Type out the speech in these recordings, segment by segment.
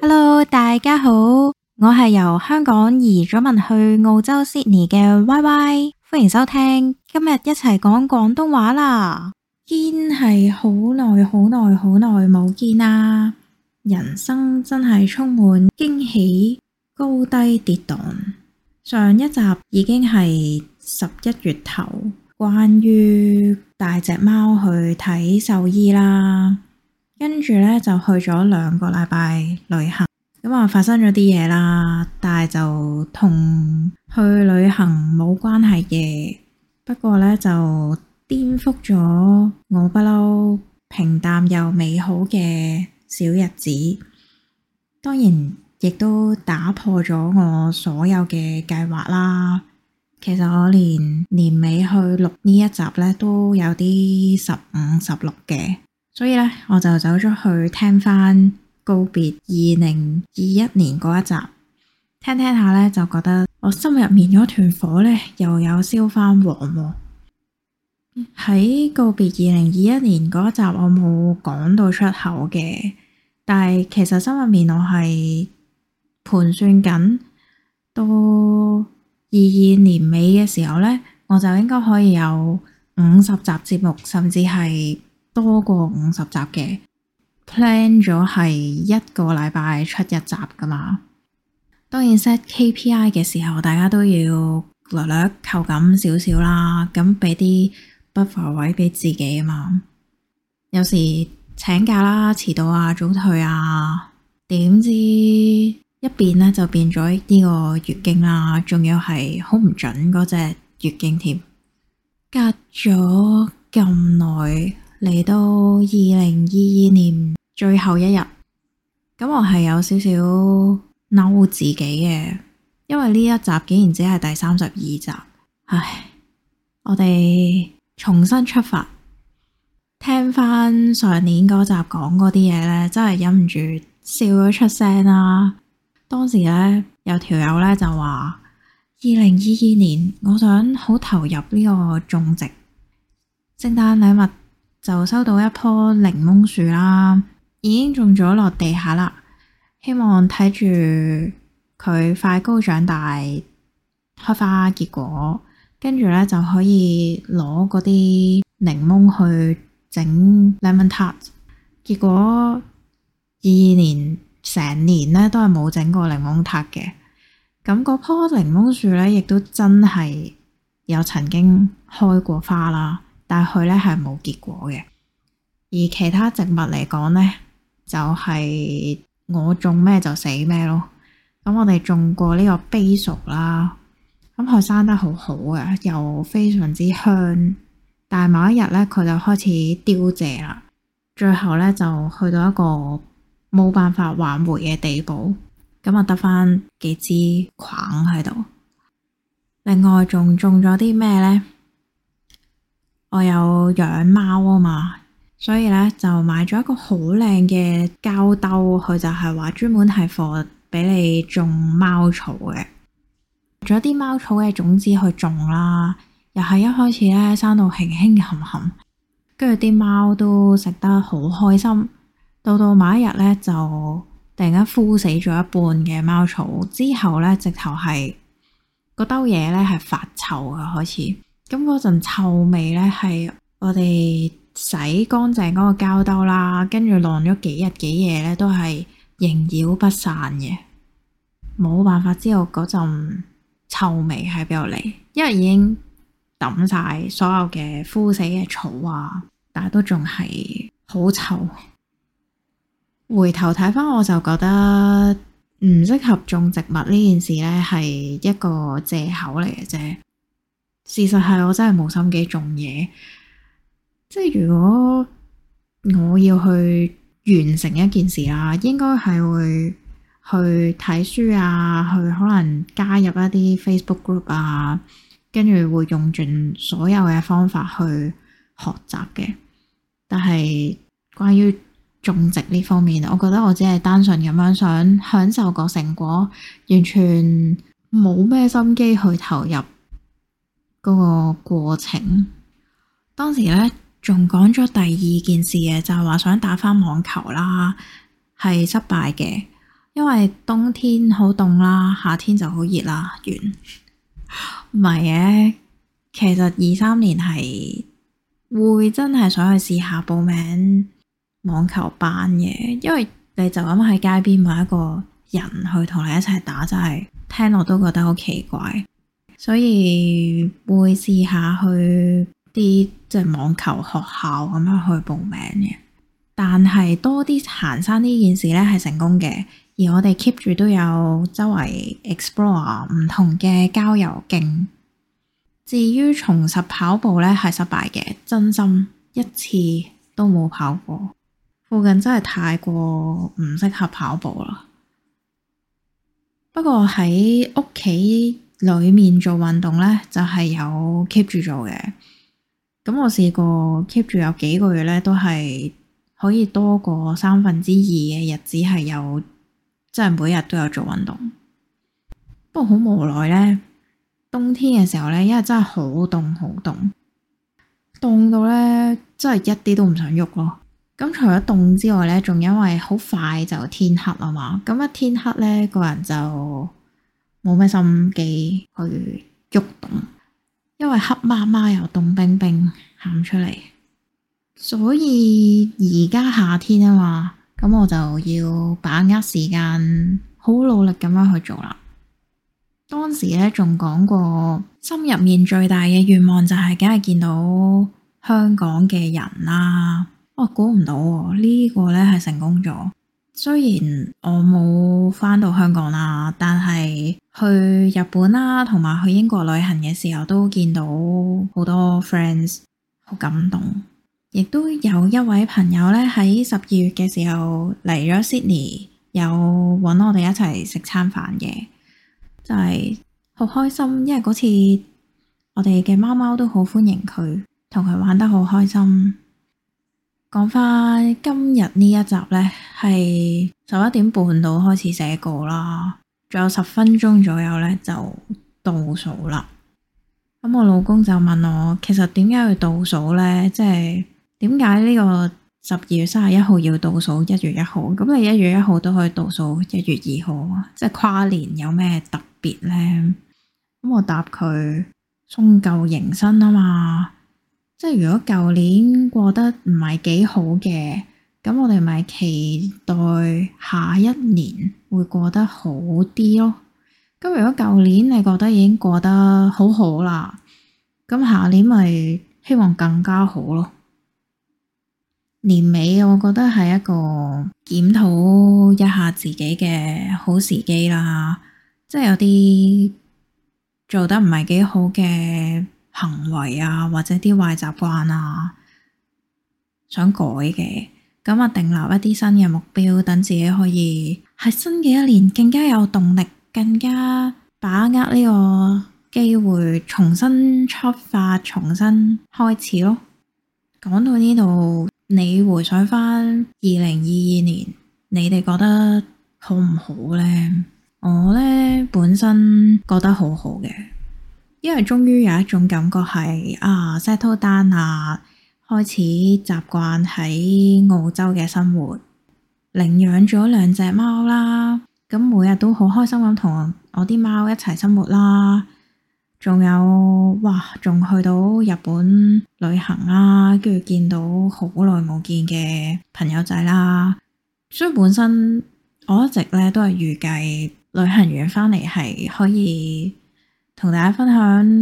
Hello，大家好，我係由香港移咗民去澳洲 Sydney 嘅 Y Y，歡迎收聽，今日一齊講廣東話啦。堅係好耐好耐好耐冇見啦，人生真係充滿驚喜，高低跌宕。上一集已經係十一月頭。關於大隻貓去睇獸醫啦，跟住呢就去咗兩個禮拜旅行，咁啊發生咗啲嘢啦，但係就同去旅行冇關係嘅，不過呢，就顛覆咗我不嬲平淡又美好嘅小日子，當然亦都打破咗我所有嘅計劃啦。其實我連年尾去錄呢一集呢，都有啲十五十六嘅，所以呢，我就走出去聽翻告別二零二一年嗰一集，聽聽下呢，就覺得我心入面嗰團火呢，又有燒翻旺喎。喺告別二零二一年嗰一集，我冇講到出口嘅，但係其實心入面我係盤算緊都。二二年尾嘅時候呢，我就應該可以有五十集節目，甚至係多過五十集嘅。plan 咗係一個禮拜出一集噶嘛。當然 set KPI 嘅時候，大家都要略略扣緊少少啦，咁俾啲 buffer 位俾自己啊嘛。有時請假啦、遲到啊、早退啊，點知？一邊呢，就變咗呢個月經啦，仲有係好唔準嗰隻月經貼，隔咗咁耐，嚟到二零二二年最後一日，咁我係有少少嬲自己嘅，因為呢一集竟然只係第三十二集，唉，我哋重新出發，聽翻上年嗰集講嗰啲嘢呢，真係忍唔住笑咗出聲啦～當時咧有條友咧就話，二零二二年我想好投入呢個種植，聖誕禮物就收到一棵檸檬樹啦，已經種咗落地下啦，希望睇住佢快高長大，開花結果，跟住咧就可以攞嗰啲檸檬去整 lemon tart。結果二二年。成年咧都係冇整過檸檬塔嘅，咁嗰棵檸檬樹咧亦都真係有曾經開過花啦，但係佢咧係冇結果嘅。而其他植物嚟講咧，就係、是、我種咩就死咩咯。咁我哋種過呢個 basil 啦、so，咁佢生得好好嘅，又非常之香，但係某一日咧佢就開始凋謝啦，最後咧就去到一個。冇辦法挽回嘅地步，咁啊得返幾支框喺度。另外仲種咗啲咩呢？我有養貓啊嘛，所以咧就買咗一個好靚嘅膠兜，佢就係話專門係放俾你種貓草嘅。種咗啲貓草嘅種子去種啦，又係一開始咧生到輕輕冚冚，跟住啲貓都食得好開心。到到某一日咧，就突然間枯死咗一半嘅貓草之後咧，直頭係個兜嘢，咧係發臭嘅開始。咁嗰陣臭味咧係我哋洗乾淨嗰個膠兜啦，跟住晾咗幾日幾夜咧，都係縈繞不散嘅，冇辦法知道嗰陣臭味喺邊度嚟，因為已經抌晒所有嘅枯死嘅草啊，但係都仲係好臭。回頭睇翻我就覺得唔適合種植物呢件事呢，係一個借口嚟嘅啫。事實係我真係冇心機種嘢。即係如果我要去完成一件事啦，應該係會去睇書啊，去可能加入一啲 Facebook group 啊，跟住會用盡所有嘅方法去學習嘅。但係關於種植呢方面，我覺得我只係單純咁樣想享受個成果，完全冇咩心機去投入嗰個過程。當時咧仲講咗第二件事嘅，就係話想打返網球啦，係失敗嘅，因為冬天好凍啦，夏天就好熱啦。完唔係嘅，其實二三年係會真係想去試下報名。網球班嘅，因為你就咁喺街邊揾一個人去同你一齊打，真係聽落都覺得好奇怪，所以會試下去啲即係網球學校咁樣去報名嘅。但係多啲行山呢件事呢係成功嘅，而我哋 keep 住都有周圍 explore 唔同嘅郊遊徑。至於重拾跑步呢係失敗嘅，真心一次都冇跑過。附近真係太過唔適合跑步啦。不過喺屋企裏面做運動咧，就係有 keep 住做嘅。咁我試過 keep 住有幾個月咧，都係可以多過三分之二嘅日子係有，即係每日都有做運動。不過好無奈咧，冬天嘅時候咧，因為真係好凍，好凍，凍到咧真係一啲都唔想喐咯。咁除咗凍之外呢，仲因為好快就天黑啊嘛，咁一天黑呢，個人就冇咩心機去喐動，動，因為黑麻麻又凍冰冰，行出嚟。所以而家夏天啊嘛，咁我就要把握時間，好努力咁樣去做啦。當時呢，仲講過，心入面最大嘅願望就係、是，梗係見到香港嘅人啦。我估唔到喎，呢個呢係成功咗。雖然我冇返到香港啦，但係去日本啦同埋去英國旅行嘅時候，都見到好多 friends，好感動。亦都有一位朋友呢，喺十二月嘅時候嚟咗 Sydney，有搵我哋一齊食餐飯嘅，就係、是、好開心。因為嗰次我哋嘅貓貓都好歡迎佢，同佢玩得好開心。講翻今日呢一集呢，係十一點半度開始寫稿啦，仲有十分鐘左右呢，就倒數啦。咁我老公就問我，其實點解要倒數呢？即係點解呢個十二月三十一號要倒數一月一號？咁你一月一號都可以倒數一月二號啊？即係跨年有咩特別呢？咁我答佢，送舊迎新啊嘛。即係如果舊年過得唔係幾好嘅，咁我哋咪期待下一年會過得好啲咯。咁如果舊年你覺得已經過得好好啦，咁下年咪希望更加好咯。年尾我覺得係一個檢討一下自己嘅好時機啦，即係有啲做得唔係幾好嘅。行為啊，或者啲壞習慣啊，想改嘅，咁啊，定立一啲新嘅目標，等自己可以喺新嘅一年更加有動力，更加把握呢個機會，重新出發，重新開始咯。講到呢度，你回想翻二零二二年，你哋覺得好唔好呢？我呢本身覺得好好嘅。因為終於有一種感覺係啊 settle down 啊，ana, 開始習慣喺澳洲嘅生活，領養咗兩隻貓啦，咁每日都好開心咁同我啲貓一齊生活啦，仲有哇，仲去到日本旅行啦，跟住見到好耐冇見嘅朋友仔啦，所以本身我一直呢都係預計旅行完翻嚟係可以。同大家分享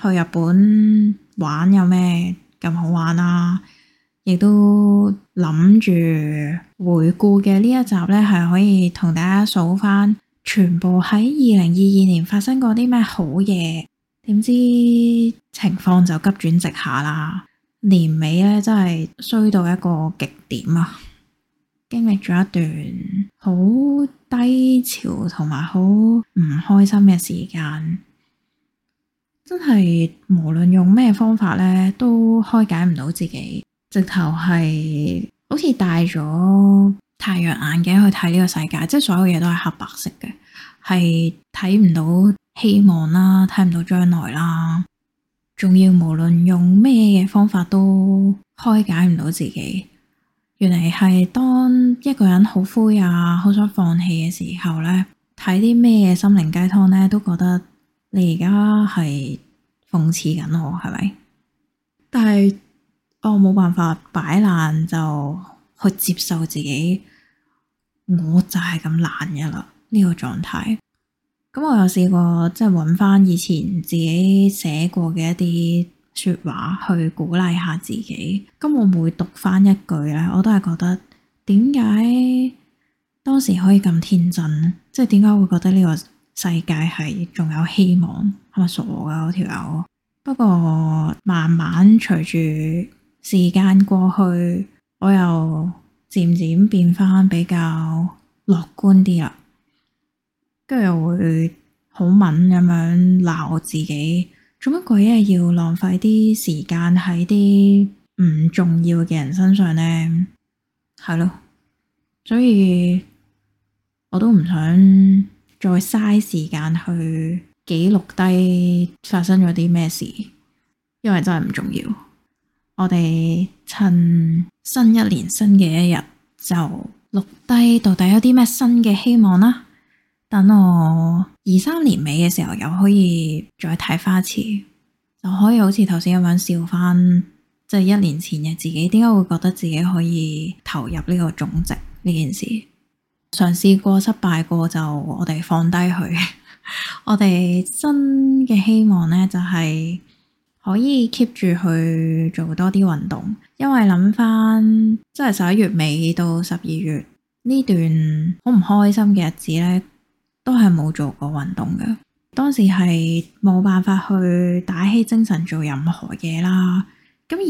去日本玩有咩咁好玩啊，亦都諗住回顧嘅呢一集咧，係可以同大家數翻全部喺二零二二年發生過啲咩好嘢。點知情況就急轉直下啦！年尾咧真係衰到一個極點啊！經歷咗一段好低潮同埋好唔開心嘅時間。真係無論用咩方法咧，都開解唔到自己，直頭係好似戴咗太陽眼鏡去睇呢個世界，即係所有嘢都係黑白色嘅，係睇唔到希望啦，睇唔到將來啦，仲要無論用咩嘅方法都開解唔到自己。原嚟係當一個人好灰啊，好想放棄嘅時候呢，睇啲咩嘢心靈雞湯呢，都覺得。你而家係諷刺緊我，係咪？但係我冇辦法擺爛，就去接受自己，我就係咁懶嘅啦，呢個狀態。咁我又試過，即係搵翻以前自己寫過嘅一啲說話去鼓勵下自己。咁我每讀翻一句咧，我都係覺得，點解當時可以咁天真？即係點解會覺得呢個？世界係仲有希望，係咪傻噶我啊？我條友，不過慢慢隨住時間過去，我又漸漸變翻比較樂觀啲啦，跟住又會好敏咁樣鬧我自己，做乜鬼嘢要浪費啲時間喺啲唔重要嘅人身上呢？係咯，所以我都唔想。再嘥時間去記錄低發生咗啲咩事，因為真係唔重要。我哋趁新一年新嘅一日，就錄低到底有啲咩新嘅希望啦。等我二三年尾嘅時候，又可以再睇花次睇翻一次，就可以好似頭先咁樣笑翻，即係一年前嘅自己，點解會覺得自己可以投入呢個種植呢件事？嘗試過，失敗過就我哋放低佢， 我哋真嘅希望呢，就係可以 keep 住去做多啲運動，因為諗翻即係十一月尾到十二月呢段好唔開心嘅日子呢，都係冇做過運動嘅。當時係冇辦法去打起精神做任何嘢啦，咁而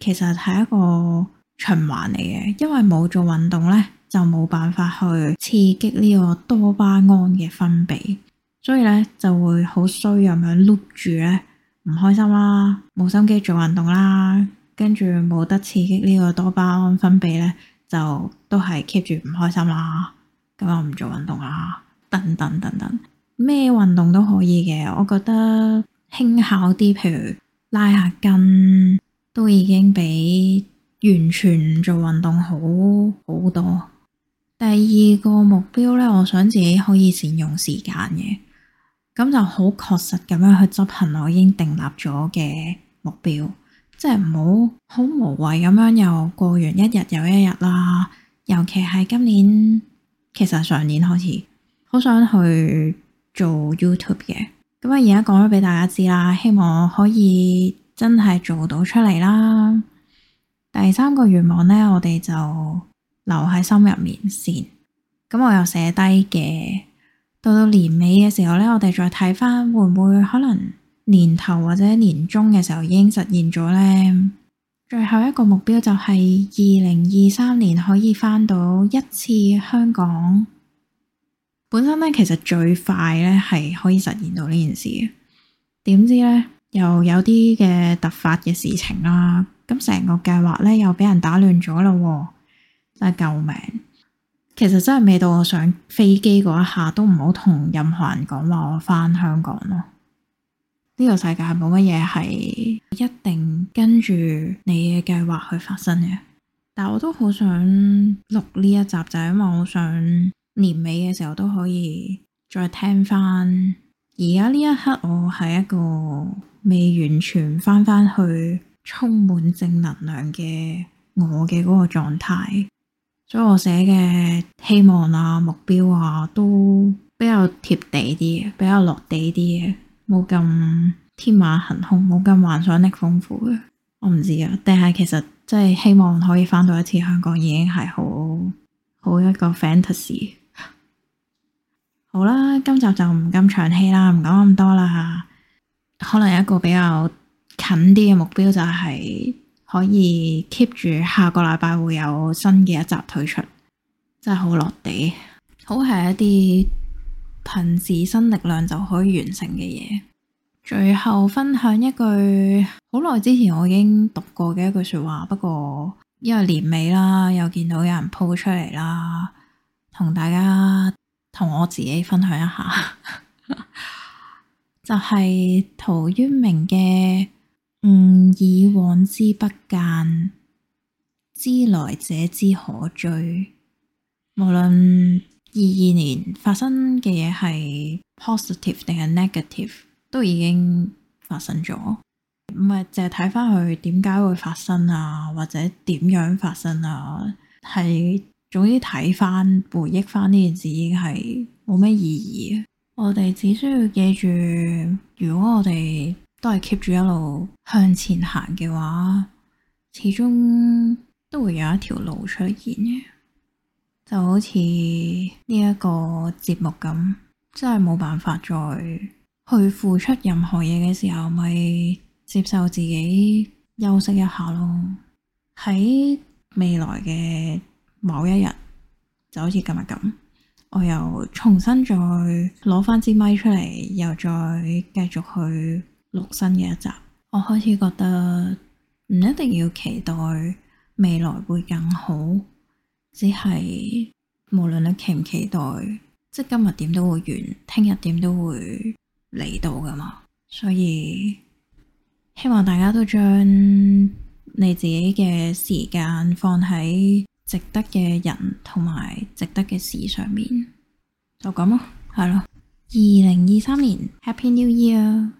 其實係一個循環嚟嘅，因為冇做運動呢。就冇辦法去刺激呢個多巴胺嘅分泌，所以咧就會好衰咁樣碌住咧，唔開心啦，冇心機做運動啦，跟住冇得刺激呢個多巴胺分泌咧，就都係 keep 住唔開心啦。咁我唔做運動喇，等等等等，咩運動都可以嘅，我覺得輕巧啲，譬如拉下筋，都已經比完全唔做運動好好多。第二個目標呢，我想自己可以善用時間嘅，咁就好確實咁樣去執行我已經訂立咗嘅目標，即係唔好好無謂咁樣又過完一日又一日啦。尤其係今年，其實上年開始好想去做 YouTube 嘅，咁啊，而家講咗俾大家知啦，希望可以真係做到出嚟啦。第三個願望呢，我哋就～留喺心入面先，咁我又寫低嘅。到到年尾嘅時候呢，我哋再睇翻，會唔會可能年頭或者年中嘅時候已經實現咗呢？最後一個目標就係二零二三年可以翻到一次香港。本身呢，其實最快呢係可以實現到呢件事嘅。點知呢，又有啲嘅突發嘅事情啦，咁成個計劃呢，又俾人打亂咗啦喎。真係救命，其實真係未到我上飛機嗰一下，都唔好同任何人講話我返香港咯。呢個世界係冇乜嘢係一定跟住你嘅計劃去發生嘅。但我都好想錄呢一集，就係因為我想年尾嘅時候都可以再聽翻。而家呢一刻，我係一個未完全翻返去充滿正能量嘅我嘅嗰個狀態。所以我寫嘅希望啊、目標啊，都比較貼地啲，比較落地啲，冇咁天馬行空，冇咁幻想力豐富嘅。我唔知啊，但係其實真係希望可以翻到一次香港，已經係好好一個 fantasy。 好啦，今集就唔咁長氣啦，唔講咁多啦吓。可能有一個比較近啲嘅目標就係、是。可以 keep 住下個禮拜會有新嘅一集推出，真係好落地，好，係一啲憑自身力量就可以完成嘅嘢。最後分享一句好耐之前我已經讀過嘅一句說話，不過因為年尾啦，又見到有人 po 出嚟啦，同大家同我自己分享一下， 就係陶淵明嘅吾以往之不諫，知來者之可追。無論二二年發生嘅嘢係 positive 定係 negative，都已經發生咗。唔係淨係睇翻佢點解會發生啊，或者點樣發生啊。係總之睇翻、回憶翻呢件事，已經係冇咩意義。我哋只需要記住，如果我哋。都係 keep 住一路向前行嘅話，始終都會有一條路出現嘅，就好似呢一個節目咁，真係冇辦法再去付出任何嘢嘅時候，咪接受自己休息一下咯。喺未來嘅某一日，就好似今日咁，我又重新再攞翻支咪出嚟，又再繼續去。錄新嘅一集，我開始覺得唔一定要期待未來會更好，只係無論你期唔期待，即係今日點都會完，聽日點都會嚟到噶嘛。所以希望大家都將你自己嘅時間放喺值得嘅人同埋值得嘅事上面，就咁咯，係咯。二零二三年，Happy New Year！